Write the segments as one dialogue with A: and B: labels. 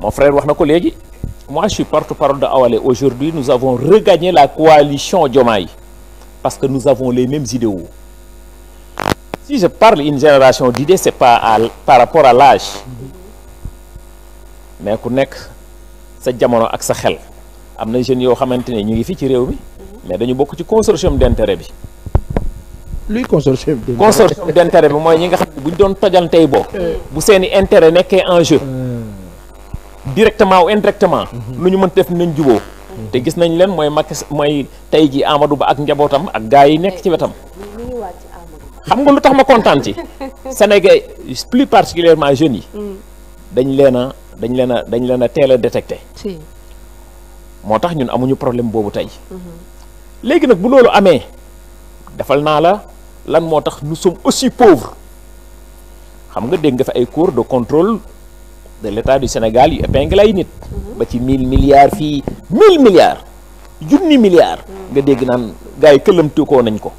A: Mon frère moi je suis porte-parole de Awale. Aujourd'hui, nous avons regagné la coalition Diomaye parce que nous avons les mêmes idéaux. Si je parle une génération d'idées, c'est pas par rapport à l'âge. Mais ku nekk sa jamono ak sa xel am des jeunes yoo ñu ngi mais dañu consortium d'intérêt bi. luy consortium d'intérêt consortium d'intérêt Moi, je ñi nga pas ne bu ñu doon tojal tey Vous bu seeni intérêt en jeu. Euh. directement ou indirectement nu ñu mën def nañ juwo te gis nañ leen moy moy tay ji Amadou Ba ak njabotam ak gaay yi nek ci wetam xam nga lutax ma kontaan ci
B: Sénégal
A: plus particulièrement jeunes yi mm. dañ leena dañ leena dañ leena télé détecté ñun amuñu problème bobu tay mm-hmm. légui nak bu lolu amé defal na la lan motax nous sommes aussi pauvres xam nga dégg nga fa ay cours de contrôle de l'état du Sénégal il épingle ay nit ba ci mille milliards fi mille milliards des milliards nga dégg naan gars Il y koo nañ ko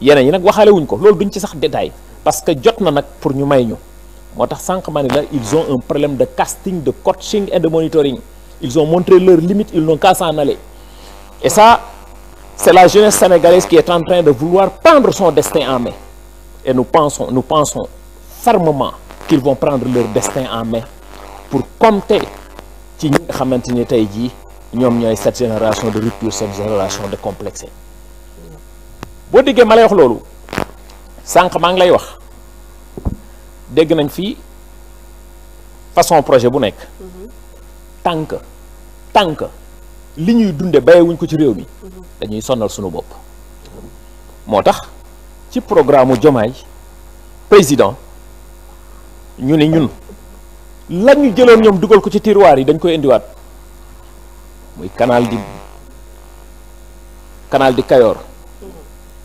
A: yeneen yi nag waxaale wuñ ko loolu duñ ci sax détail parce que a des pour ñu may ñu moo tax sànq ils ont un problème de casting de coaching et de monitoring ils ont montré leurs limites ils n'ont qu'à s'en aller et ça c'est la jeunesse sénégalaise qui est en train de vouloir prendre son destin en main et nous pensons nous pensons fermement qu'ils vont prendre leur destin en main pour compter ci ñi nga xamante ni tey jii ñoom ñooy cette génération de rupture cette génération de complexe boo déggee ma lay wax loolu sànq maa ngi lay wax dégg nañ fi façon projet bu nekk tànk tànk li ñuy dunde bayewuñ ko ci réew mi dañuy sonal sunu bopp moo tax ci programme u Diomaye président ñu ni ñun la ñu jëloon ñoom dugal ko ci tiroir yi dañ koy indiwaat muy kanaal di kanaal di Kayor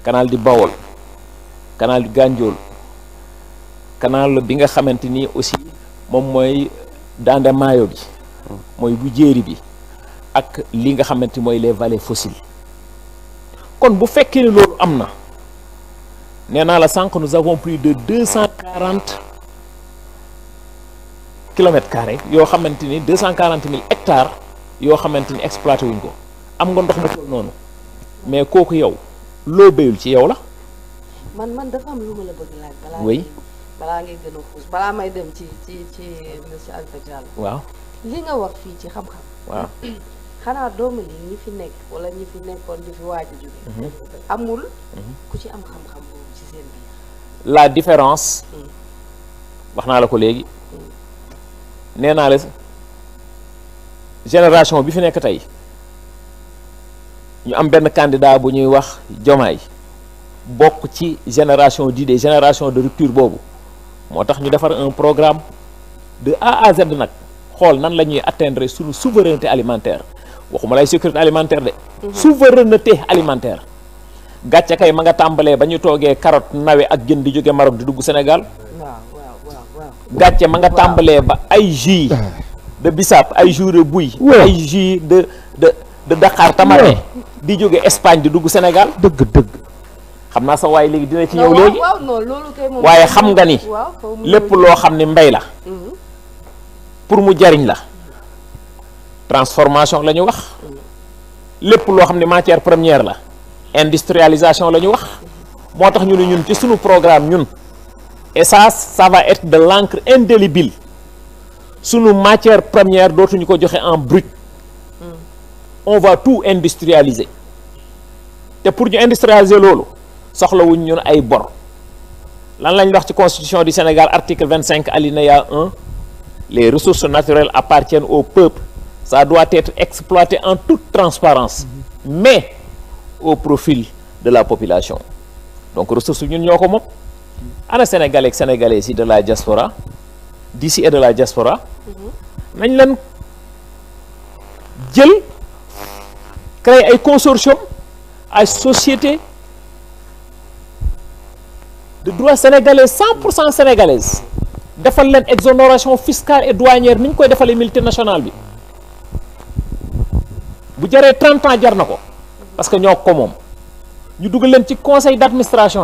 A: kanaal di Bawol kanaal di Gànjool kanaal bi nga xamante ni aussi moom mooy Dande Maayo bi mooy bu jéeri bi ak li nga xamante mooy les vallées fossiles kon bu fekkee ni loolu am na nee naa la nu nous avons plus de deux cent quarante kilomètres carrés yoo xamante ni deux cent quarante mille yoo xamante ni exploité wuñ ko am nga ndox mu toll noonu mais kooku yow loo béyul ci yow la.
B: man man dafa am lu ma la bëgg laaj. balaa may dem ci ci ci
C: monsieur Alpha Diallo. waaw li nga wax fii ci xam-xam. waaw xanaa doomu li ñi fi nekk walla ñi fi nekkoon di fi waaj a mhm. amul. Mhm. ku ci am xam-xam
A: la différence. Mm. wax naa la ko léegi. nee naa la génération bi fi nekk tey ñu am benn candidat bu ñuy wax Jomaay bokk ci génération d'idées génération de rupture boobu moo tax ñu defar un programme de A à Z nag xool nan la ñuy atteindre suñu souveraineté alimentaire waxuma lay sécurité alimentaire de. Mhm. souveraineté alimentaire. gàcce kay ma nga tàmbalee ba ñu toogee carotte nawe ak jën di jóge Maroc di dugg Sénégal. waaw gatché ma nga tambalé ba ay ji ah. de bisap ay jour de buy ay ji de de de Dakar tamare di jóge Espagne di dugg Sénégal deug deug xamna sa way légui dina ci ñëw léegi
B: waye xam nga ni lepp lo xamni mbay la mhm.
A: pour mu jariñ la transformation lañu wax lepp lo xamni matière première la industrialisation lañu wax motax ñu ñun ci suñu programme ñun et ça ça va être de l'encre indélébile Sous nos matières premières, d'autres nous joxe en brut on va tout industrialiser Et pour industrialiser ça soxlawuñ ñun ay bor bon. lañ de la constitution du Sénégal article 25, alinéa 1, les ressources naturelles appartiennent au peuple ça doit être exploité en toute transparence mais au profil de la population donc ressources nous comment comment ana sénégalais les sénégalais ici de la diaspora d'ici et de la diaspora nañ len jël créer ay consortium ay société de droit sénégalais 100% sénégalaises. sénégalaise defal l'exonération exonération fiscale et douanière ni ont koy defalé multinationale bi bu jaré 30 ans jar parce que ñoo ko moom ñu fait un ci conseil d'administration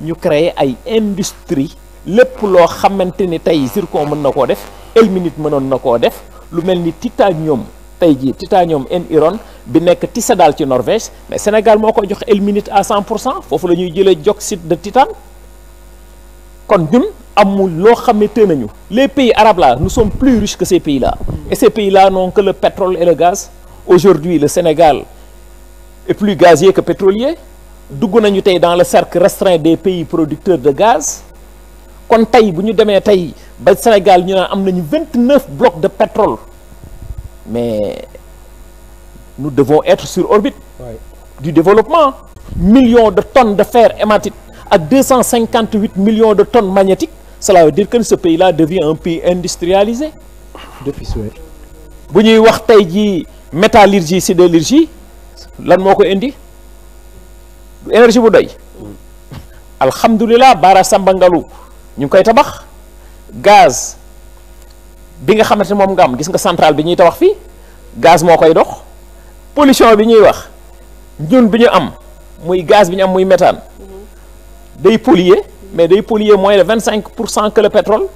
A: ñu créer ay industrie lepp lo xamanteni tay tey zircon mën na def elminite mënoon na koo def lu mel titanium titanium en iron bi nek tissadal ci Norvège mais Sénégal moko jox elminite à 100 Il lañuy que nous dioxyde de titane kon ñun amul nous les pays arabes là nous sommes plus riches que ces pays là et ces pays là n'ont que le pétrole et le gaz aujourd'hui le Sénégal est plus gazier que pétrolier nous nañu dans le cercle restreint des pays producteurs de gaz kon Sénégal nous avons 29 blocs de pétrole mais nous devons être sur orbite du développement millions de tonnes de fer hématite à 258 millions de tonnes magnétiques cela veut dire que ce pays là devient un pays industrialisé Depuis bu ñuy wax tey métallurgie sidérurgie lan indi énergie bu doy alhamdulilah bara samba ñu koy tabax gaz bi nga xamante mom nga am gis nga centrale bi ñuy tabax fi gaz mo koy dox pollution bi ñuy wax ñun bi ñu am muy gaz bi ñu am muy méthane day polluer mais day polluer moins de 25% que le pétrole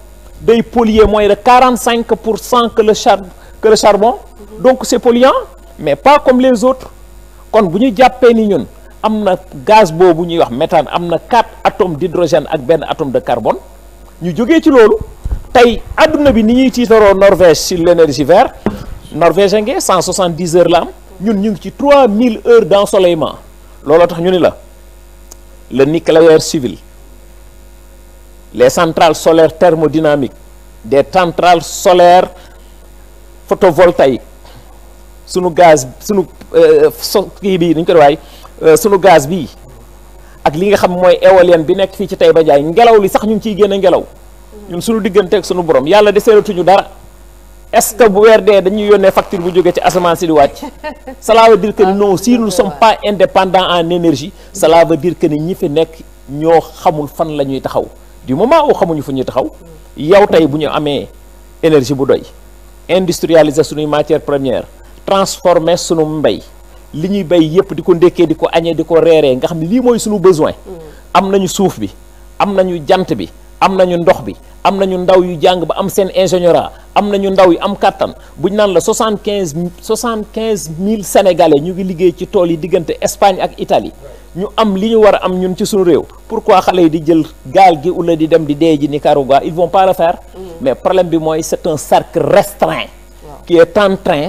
A: day polluer moins de 45% que le charbon donc c'est polluant mais pas comme les autres kon buñu jappé ni ñun am na gaz boobu ñuy wax méthane am na quatre atomes d'hydrogène ak benn atom de carbone ñu jógee ci loolu tey àdduna bi ni ñuy tiitaroo Norvège sur l'énergie verte Norvège ngee cent soixante dix heures la am ñun ñu ngi ci trois mille heures d'ensoleillement looloo tax ñu ni la le nucléaire civil les centrales solaires thermodynamiques des centrales solaires photovoltaïques sunu gaz sunu euh, kii bii dañ ñu ko Euh, sunu gaz bi ak li nga xam moy éolien bi nek fi ci tayba jaay ngelaw li sax ñu ci gëna ngelaw ñun sunu digënté ak sunu borom yàlla de seeratuñu dara est-ce bu weer dee dañuy yónnee facture bu joggé ci asamaan si di wàcc
B: cela veut dire
A: que ah, non si nous ne sommes pas indépendants en énergie cela veut dire que ni ñi fi nek ño xamul fan lañuy taxaw du moment où xamuñu fu ñuy taxaw yow tay bu ñu amee énergie bu doy industrialiser sunuy matière première transformer sunu mbay li ñuy bay yépp di ko ndékkee di ko añee di ko reeree nga xam ne lii mooy suñu besoin mm. am nañu suuf bi am nañu jant bi am nañu ndox bi am nañu ndaw yu jàng ba am seen ingénieur am nañu ndaw yu am kàttan buñ naan la 75 quinze sénégalais ñu ngi liggéey ci tool yi diggante Espagne ak Italie ñu am li ñu war a am ñun ci suñu réew pourquoi xale yi di jël gaal gi wala di dem di dee ji Nicaragua ils vont pas le faire mm. mais problème bi mooy c'est un cercle restreint qui est en train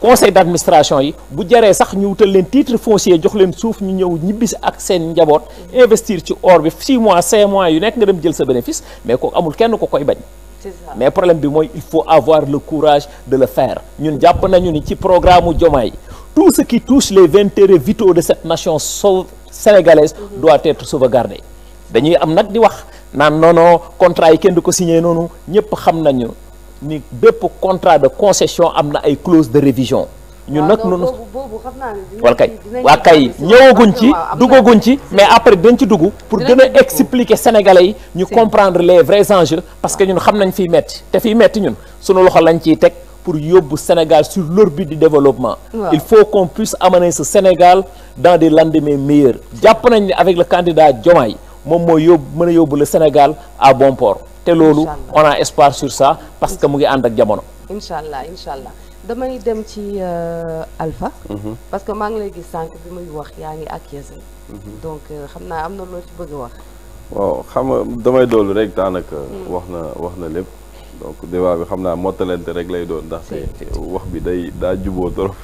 A: conseil d'administration yi bu jaree sax ñu wutal leen titre foncier jox leen souf ñu ñew ak seen njabot investir ci or 6 mois 5 mois yu nek nga dem jël sa bénéfice mais ko amul kenn ko koy bañ. mais problème bi moy il faut avoir le courage de le faire ñun japp nañu ni ci programme jomay tout ce qui touche les intérêts vitaux de cette nation sénégalaise mhm. doit être sauvegardé dañuy am nak di wax nan non non contrat yi kenn du ko signé noonu xam nañu ni bépp contrat de concession am une ay clause de révision. nous nag noonu
B: wala kay Nous ci
A: mais après nous ci dugg pour nous expliquer expliquer sénégalais nous ñu comprendre les vrais enjeux parce que nous xam nañ fiy metti nous sommes metti ñun sunu loxo lañ pour Sénégal sur l'orbite du développement il faut qu'on puisse amener ce Sénégal dans des lendemains meilleurs jàpp nañ avec le candidat Diomay mon moo mon le Sénégal à bon port te loolu on a espoir sur ça parce que mu ngi ànd ak jamono
B: incha allah incha allah damay dem ci euh, Alpha mhm. parce que maa ngi lay gis sànq bi muy wax yaa ngi acquiescé mhm. donc euh, xam naa am na loo ci bëgg wax
C: xam nga damay doolu rek daanaka hmm. wax na wax na lépp donc débat bi xam naa mottalante rek lay doon ndaxte wax bi day daa juboo trop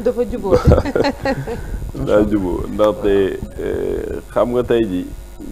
C: dafa juboo daa juboo ndaxte euh, xam nga tey ji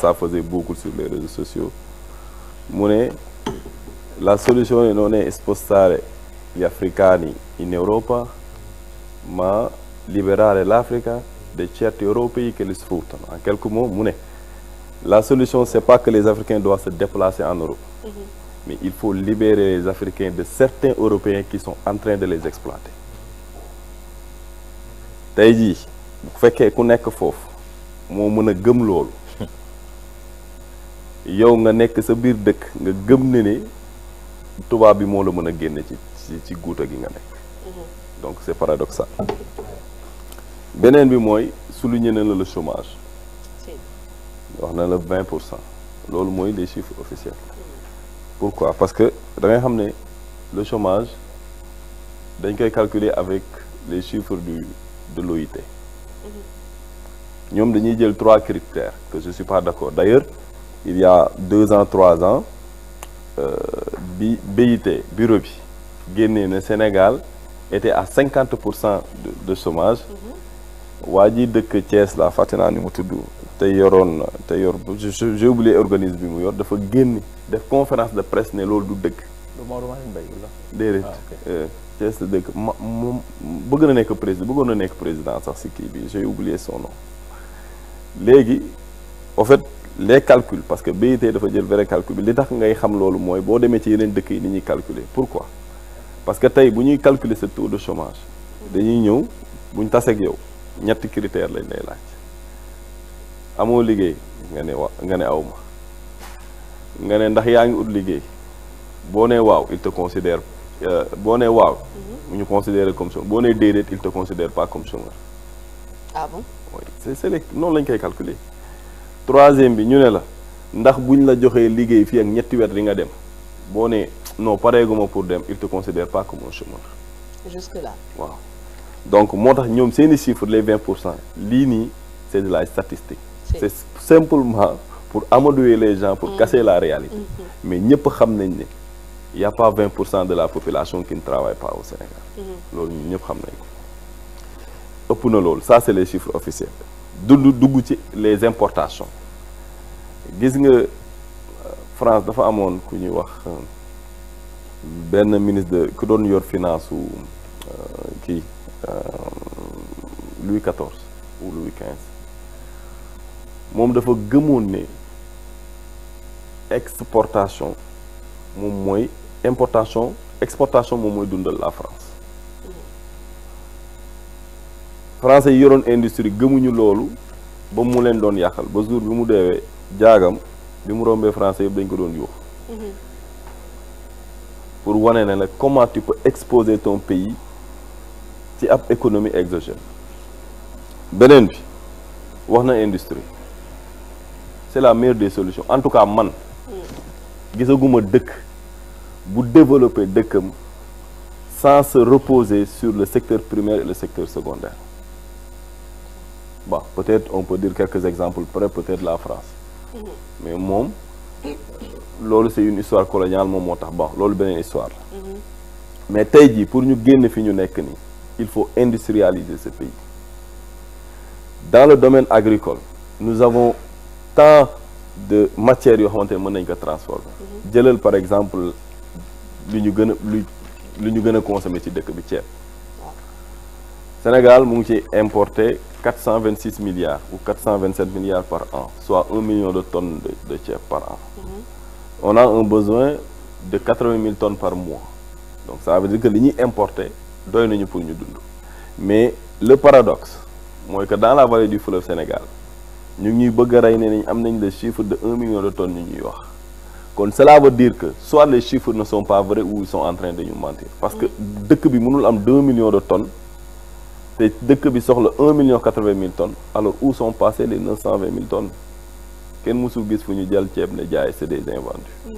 C: ça faisait beaucoup sur les réseaux sociaux la solution non de les les Africains in Europe mais libérer l'Afrique de certains Européens qui les exploitent en quelques mots la solution n'est pas que les africains doivent se déplacer en Europe mm-hmm. mais il faut libérer les africains de certains européens qui sont en train de les exploiter mo meuna gëm lool yow nga nek sa bir dëkk nga gëm ne ne tubaab bi mo la meuna genn ci ci ci gi nga nek donc c'est paradoxal benen bi mooy souligner na le chômage wax na la 20% lool moy les chiffres officiels pourquoi parce que da ngay xam le chômage dañ koy calculer avec les chiffres du de l'OIT mm-hmm ñoom dañuy jël trois critères que je suis pas d'accord d'ailleurs il y a deux ans trois ans euh, BIT bureau bi génnee na Sénégal était à 50% de chômage mhm. Wadi de dëkk Thiès la fàtte ni mu tudd te yoroon yor j'ai oublié organisme bi mu yor dafa génn def conférence de presse ne loolu du dëgg déedéet ah, euh, Thiès la dëkk ma moom bëgg na nekk président bëggoon na nekk président sax si bi j'ai oublié son nom léegi au fait les parce que BIT dafa jël vrai calcul bi li tax ngay xam loolu mooy boo demee ci yeneen dëkk yi ni ñuy calculer pourquoi parce que tey bu ñuy calculer sa taux de chômage dañuy ñëw buñ taseeg yow ñetti critère lañ lay laaj amoo liggéey nga ne wa nga ne aw ma nga ne ndax yaa ngi ut liggéey boo ne waaw il te considère euh, boo ne waaw mhm. ñu considéré comme chômeur boo nee déedéet il te considère pas comme chômeur ah c'est le non lañ koy calculer troisième bi ñu né la ndax buñ la joxé liggéey fi ak ñetti weer di nga dem Bo ne non pareeguma pour dem il te considère pas comme un chômeur. jusque là waaw donc motax ñom seen seeni chiffres les 20 li ni c'est de la statistique. C'est simplement pour amadouer les gens pour mmh. casser la réalité. Mmh. mais ñepp xam nañ il n'y a pas 20 de la population qui ne travaille pas au Sénégal. Nous mmh. ñun ñëpp xam nañ ëpp na loolu ça c'est les chiffres officiels dund dugg ci les importations gis nga euh, France dafa amoon ku ñuy wax Ben, ministre ku doon yor finance su euh, kii Louis 14 ou Louis 15. moom dafa gëmoon ne exportation moom mooy importation exportation moom mooy dundal la France français yoron une industrie gëmuñu loolu ba mu leen ba jour bi jaagam français mhm. pour vous comment tu peux exposer ton pays ci l'économie économie exogène industrie c'est la meilleure des solutions en tout cas man mhm. gisaguma bu développer sans se reposer sur le secteur primaire et le secteur secondaire Bon, bah, peut-être on peut dire quelques exemples près, peut-être la France. Mhm. Mais moi, c'est une histoire coloniale C'est une bon histoire mhm. mais pour nous gagner il faut industrialiser ce pays. dans le domaine agricole nous avons tant de matières qui ont été transformées. transformer. Mhm. par exemple nous avons gën à lu des Sénégal a importé 426 milliards ou 427 milliards par an soit 1 million de tonnes de de par an. Mhm. on a un besoin de 80 000 tonnes par mois donc ça veut dire que les ñuy importé doy nañu pour nous. mais le paradoxe c'est que dans la vallée du fleuve Sénégal nous avons chiffre de 1 million de tonnes cela veut dire que soit les chiffres ne sont pas vrais ou ils sont en train de nous mentir parce que mhm. depuis bi mënul 2 millions de tonnes. Dès que que nous le 1 million de tonnes. Alors où sont passées les 920 000 tonnes Quel le c'est des invendus. Mm.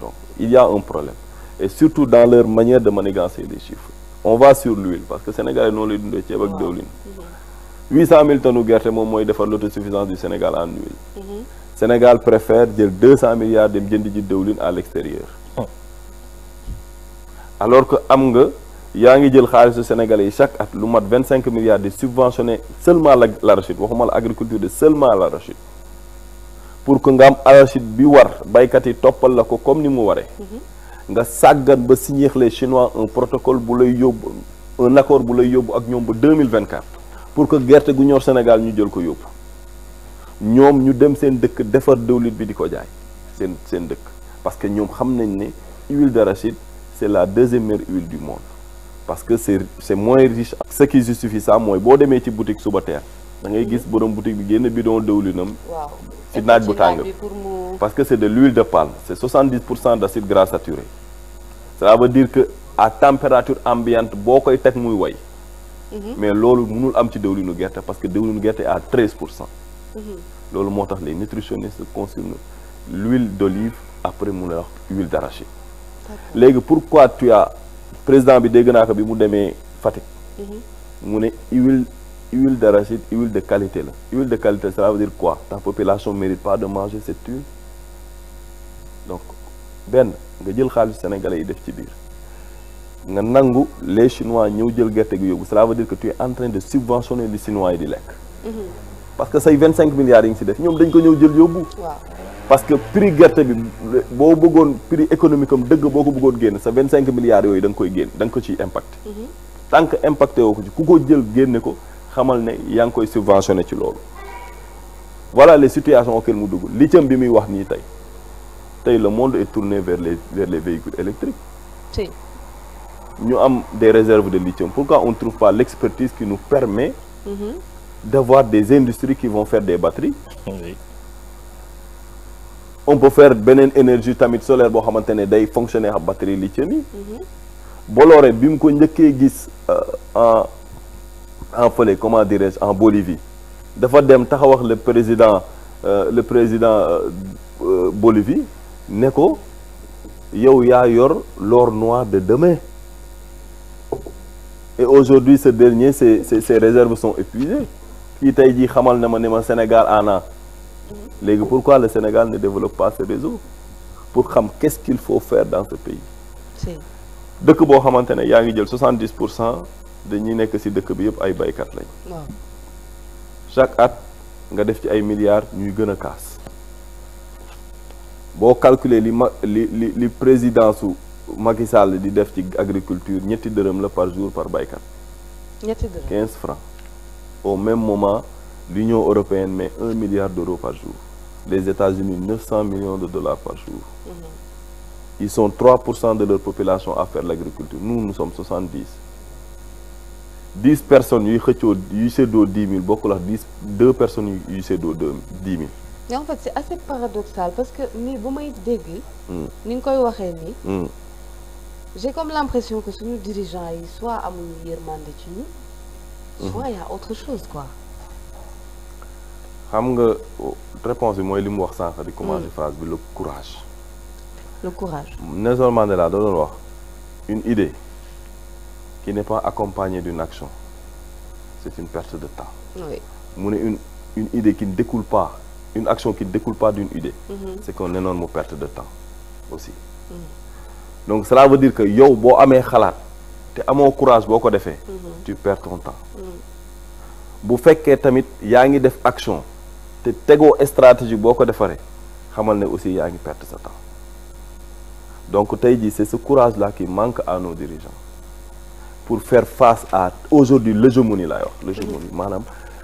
C: Donc il y a un problème. Et surtout dans leur manière de manigancer les chiffres. On va sur l'huile parce que le Sénégal est pas l'huile de de et 800 000 tonnes de guerre, de faire l'autosuffisance du Sénégal en huile. Le mm-hmm. Sénégal préfère dire 200 milliards de l'huile à l'extérieur. Oh. Alors que Amgue, yaa ngi jël xaalisu sénégalais chaque at lu mat 25 milliards de subventionné seulement la la waxuma l'agriculture agriculture de seulement rachid. pour que nga am arachide bi war baykat topal la ko comme ni mu waré.
B: Mhm.
C: nga sàggan ba les chinois un protocole bu lay yóbbu un accord bu lay yóbbu ak ñom ba pour que guerte gu ñor Sénégal ñu jël ko yóbbu Ñom ñu dem sen dëkk defar dëwlit bi diko jaay sen sen dëkk parce que ñom xam nañ ne huile rachid c'est la deuxième meilleure huile du monde parce que c'est moins riche ce qui justifie ça c'est que si ci boutique suba teel da ngay gis borom boutique bi génn bidon diwlinam ci c'est bu tàng parce que C'est de l'huile de palme C'est 70 d'acide gras saturé Cela veut dire que à température ambiante beaucoup koy teg muy way mhm. mais loolu mënul am ci diwlinu gerte parce que diwlinu est à 13 C'est cent mhm. les nutritionnistes consomment l'huile d'olive après l'huile huile d'arachide pourquoi tu as président bi dégg naa ko bi mu demee Fatick.
B: Mhm.
C: mu ne huile huile d'arachide huile de qualité là huile de qualité ça veut dire quoi ta population mérite pas de manger cette huile donc ben, nga jël xaliss sénégalais yi def ci biir nga nangu les chinois ñëw jël gerte gi yobu ça veut dire que tu es en train de subventionner les chinois yi di lekk. Mhm. parce que say vingt 25 milliards yi ngi si def ñom dañ ko ñëw jël yóbbu parce que prix prix économique c'est 25 milliards d'euros, donc il koy a impact. Mhm. tant que l'impact est ko ci ko ne koy subventionné voilà les situations auxquelles nous dugg lithium bi je wax le monde est tourné vers les vers les véhicules électriques. Nous avons des réserves de lithium pourquoi on ne trouve pas l'expertise qui nous permet. Mhm. d'avoir des industries qui vont faire des batteries on peut faire une énergie tamit solaire boo xamante ne day fonctionner ak batterie lithium yi mhm. Bolloré bi mu ko njëkkee gis euh, en en comment dirais en Bolivie dafa dem taxaw ak le président euh, le président euh, Bolivie ne ko yow yaa yor l'or noir de demain et aujourd'hui ce dernier ses ses réserves sont épuisées kii tey jii xamal na ma ne ma Sénégal ana pourquoi le Sénégal ne développe pas ce réseau pour savoir qu'est-ce qu'il faut faire dans ce pays Si vous avez ne 70 de dañuy nekk si dëkk bi yëpp ay chaque acte, nga def ci ay milliards ñuy gën a kaas boo calculer li présidents li Macky Sall di agriculture ñetti par jour par baykat 15 francs au même moment l'Union européenne met 1 milliard d'euros par jour, les États-Unis 900 millions de dollars par jour. Mhm. Ils sont 3% de leur population à faire l'agriculture. Nous, nous sommes 70. 10 personnes, 10 000, beaucoup 2 personnes, 10 000.
B: Mais en fait, c'est assez paradoxal parce que hmm. ni vous m'avez dit, ni vous hmm. j'ai comme l'impression que ce nos dirigeants, soit à mon soit il hmm. y a autre chose, quoi
C: xam nga réponse bi mooy li mu wax sànq di commencer mm. phrase bi le courage. le courage Nelson Mandela da doon wax une idée qui n'est pas accompagnée d'une action c'est une perte de temps. oui mu ne une une idée qui ne découle pas une action qui ne découle pas d'une idée. Mm -hmm. c'est qu'on énorme perte de temps aussi. Mm. donc cela veut dire que yow boo amee xalaat te amoo courage boo ko defee. Mm-hmm. tu perds ton temps. Mm. bu fekkee tamit yaa ngi def action te tegoo stratégie boko défaré xamal ne aussi yaa perdre sa temps donc c'est ce courage là qui manque à nos dirigeants pour faire face à aujourd'hui l'hégémonie laay wax l'hégémonie manam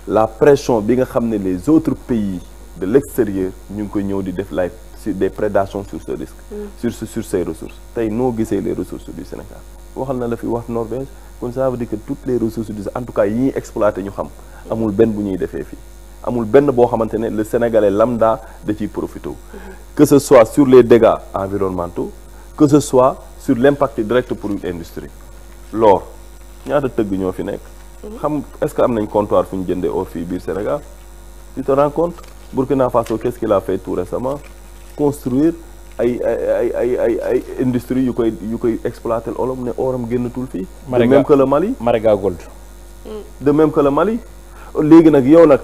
C: la pression bi nga xamné les autres pays de l'extérieur ñu koy ñëw di def des prédations sur ce risque mm. sur ce sur ces ressources tay no gissé les ressources du Sénégal waxal na la fi wax Norvège comme ça veut dire que toutes les ressources du en tout cas yi exploiter exploité ñu xam amul ben bu ñuy défé fi amul benn boo xamante ne le sénégalais lambda da ciy profité que ce soit sur les dégâts environnementaux que ce soit sur l' impact direct pour une industrie l'or ñaata tëgg ñoo fi nekk xam est-ce que am nañ comptoir fu ñu jëndee or fii biir Sénégal tu te rends compte Burkina Faso qu'est-ce qu'il a fait tout récemment construire ay ay ay ay ay industrie yu koy yu koy exploiter olom ne oram génnatul fii de même que le Mali Mariga Gold de même que le Mali léegi nag yow nag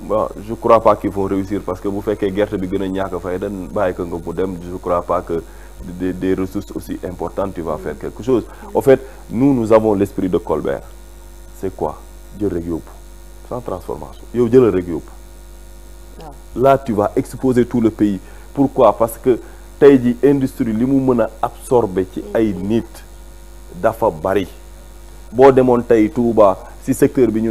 C: bon je crois pas qu'ils vont réussir parce que vous faites que bi gën a plus fayda bàyyi ko nga je crois pas que des, ressources aussi importantes tu vas faire quelque chose en fait nous nous avons l'esprit de Colbert c'est quoi Dieu le sans transformation yow le rek là tu vas exposer tout le pays pourquoi parce que tey ji industrie li mu les gens, absorber ci ay nit dafa bari boo tout le Touba si secteur bi ñu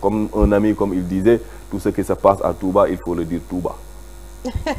C: comme un ami, comme il disait, tout ce qui se passe à Touba, il faut le dire Touba.